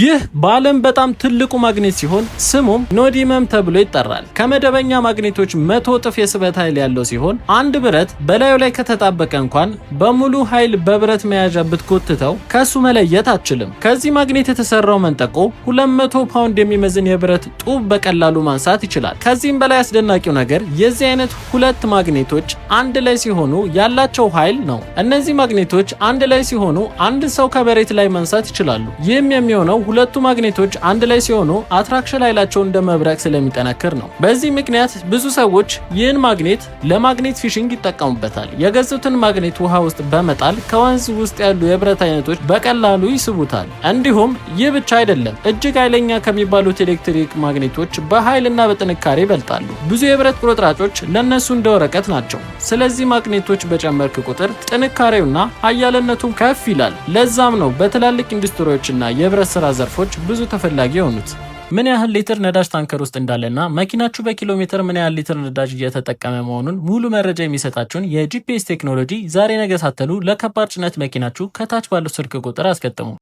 ይህ በዓለም በጣም ትልቁ ማግኔት ሲሆን ስሙም ኖዲመም ተብሎ ይጠራል። ከመደበኛ ማግኔቶች መቶ እጥፍ የስበት ኃይል ያለው ሲሆን አንድ ብረት በላዩ ላይ ከተጣበቀ እንኳን በሙሉ ኃይል በብረት መያዣ ብትጎትተው ከሱ መለየት አትችልም። ከዚህ ማግኔት የተሰራው መንጠቆ 200 ፓውንድ የሚመዝን የብረት ጡብ በቀላሉ ማንሳት ይችላል። ከዚህም በላይ አስደናቂው ነገር የዚህ አይነት ሁለት ማግኔቶች አንድ ላይ ሲሆኑ ያላቸው ኃይል ነው። እነዚህ ማግኔቶች አንድ ላይ ሲሆኑ አንድ ሰው ከመሬት ላይ ማንሳት ይችላሉ። ይህም የሚሆነው ሁለቱ ማግኔቶች አንድ ላይ ሲሆኑ አትራክሽን ኃይላቸው እንደ መብረቅ ስለሚጠነክር ነው። በዚህ ምክንያት ብዙ ሰዎች ይህን ማግኔት ለማግኔት ፊሽንግ ይጠቀሙበታል። የገዙትን ማግኔት ውሃ ውስጥ በመጣል ከወንዝ ውስጥ ያሉ የብረት አይነቶች በቀላሉ ይስቡታል። እንዲሁም ይህ ብቻ አይደለም፣ እጅግ ኃይለኛ ከሚባሉት ኤሌክትሪክ ማግኔቶች በኃይልና በጥንካሬ ይበልጣሉ። ብዙ የብረት ቁርጥራጮች ለእነሱ እንደ ወረቀት ናቸው። ስለዚህ ማግኔቶች በጨመርክ ቁጥር ጥንካሬውና ኃያልነቱም ከፍ ይላል። ለዛም ነው በትላልቅ ኢንዱስትሪዎችና የብረት ስራ ዘርፎች ብዙ ተፈላጊ የሆኑት። ምን ያህል ሊትር ነዳጅ ታንከር ውስጥ እንዳለና መኪናችሁ በኪሎ ሜትር ምን ያህል ሊትር ነዳጅ እየተጠቀመ መሆኑን ሙሉ መረጃ የሚሰጣችሁን የጂፒኤስ ቴክኖሎጂ ዛሬ ነገ ሳትሉ ለከባድ ጭነት መኪናችሁ ከታች ባለው ስልክ ቁጥር አስገጥሙ።